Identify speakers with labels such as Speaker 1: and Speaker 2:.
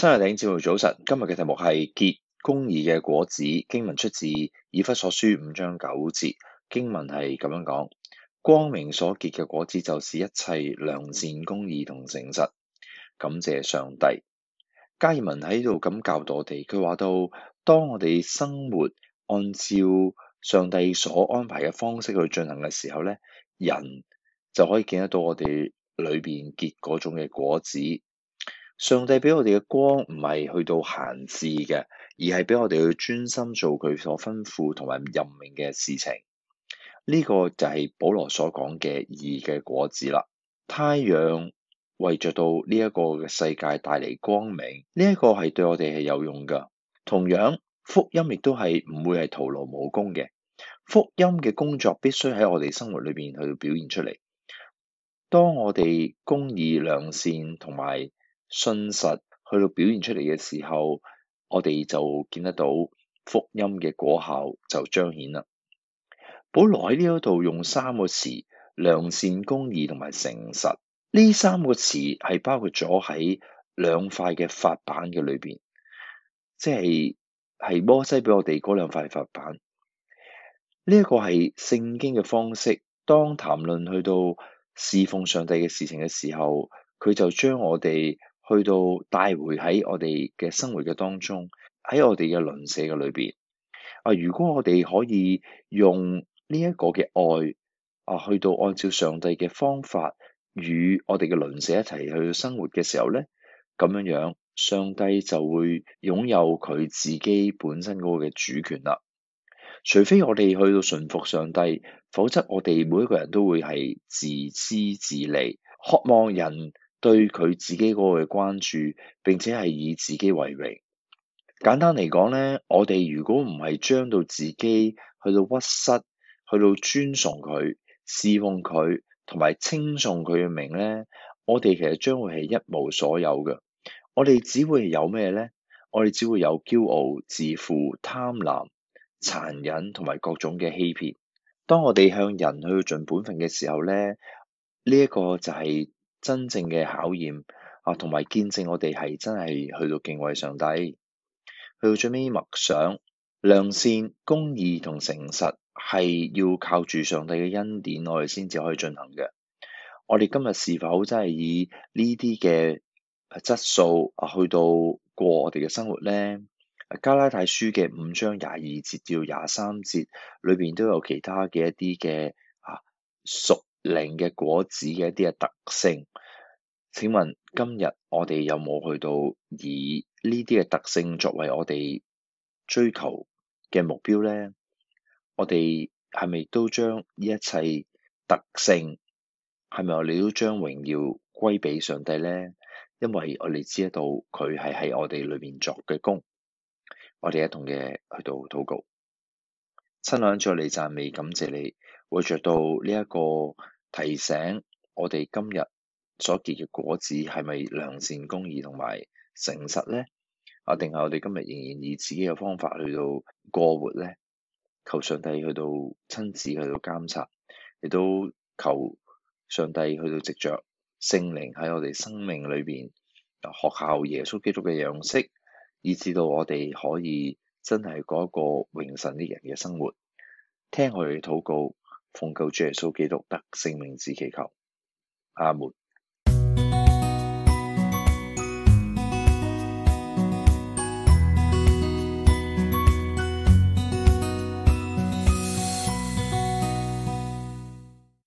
Speaker 1: 新日頂，朝早早晨。今日嘅題目係結公義嘅果子。經文出自以弗所書五章九節。經文係咁樣講：光明所結嘅果子，就是一切良善公義同誠實。感謝上帝。加爾文喺度咁教導我哋，佢話到，當我哋生活按照上帝所安排嘅方式去進行嘅時候咧，人就可以見得到我哋裏邊結嗰種嘅果子。上帝俾我哋嘅光唔係去到閒置嘅，而係俾我哋去專心做佢所吩咐同埋任命嘅事情。呢、這個就係保羅所講嘅義嘅果子啦。太陽為着到呢一個嘅世界帶嚟光明，呢、這、一個係對我哋係有用㗎。同樣福音亦都係唔會係徒勞無功嘅。福音嘅工作必須喺我哋生活裏邊去表現出嚟。當我哋公義良善同埋。信實去到表現出嚟嘅時候，我哋就見得到福音嘅果效就彰顯啦。保羅喺呢一度用三個詞：良善、公義同埋誠實。呢三個詞係包括咗喺兩塊嘅法版嘅裏邊，即係係摩西俾我哋嗰兩塊法版。呢一個係聖經嘅方式。當談論去到侍奉上帝嘅事情嘅時候，佢就將我哋。去到帶回喺我哋嘅生活嘅當中，喺我哋嘅鄰舍嘅裏邊。啊！如果我哋可以用呢一個嘅愛啊，去到按照上帝嘅方法與我哋嘅鄰舍一齊去生活嘅時候咧，咁樣樣上帝就會擁有佢自己本身嗰個嘅主權啦。除非我哋去到順服上帝，否則我哋每一個人都會係自私自利，渴望人。對佢自己嗰個嘅關注，並且係以自己為榮。簡單嚟講咧，我哋如果唔係將到自己去到屈膝，去到尊崇佢、侍奉佢，同埋稱頌佢嘅名咧，我哋其實將會係一無所有噶。我哋只會有咩咧？我哋只會有驕傲、自負、貪婪、殘忍，同埋各種嘅欺騙。當我哋向人去到盡本分嘅時候咧，呢一個就係。真正嘅考驗啊，同埋見證我哋係真係去到敬畏上帝，去到最尾默想、良善、公義同誠實，係要靠住上帝嘅恩典，我哋先至可以進行嘅。我哋今日是否真係以呢啲嘅質素啊，去到過我哋嘅生活咧？加拉太書嘅五章廿二節至到廿三節裏邊都有其他嘅一啲嘅啊熟。靈嘅果子嘅一啲嘅特性，請問今日我哋有冇去到以呢啲嘅特性作為我哋追求嘅目標咧？我哋係咪都將呢一切特性係咪我哋都將榮耀歸俾上帝咧？因為我哋知道佢係喺我哋裏面作嘅功。我哋一同嘅去到禱告，親，兩再嚟讚美，感謝你。會着到呢一個提醒，我哋今日所結嘅果子係咪良善公義同埋誠實咧？啊，定係我哋今日仍然以自己嘅方法去到過活咧？求上帝去到親自去到監察，亦都求上帝去到藉着聖靈喺我哋生命裏邊學效耶穌基督嘅樣式，以至到我哋可以真係過一個榮神益人嘅生活，聽我哋嘅禱告。奉救主耶穌基督得聖名之祈求，阿門。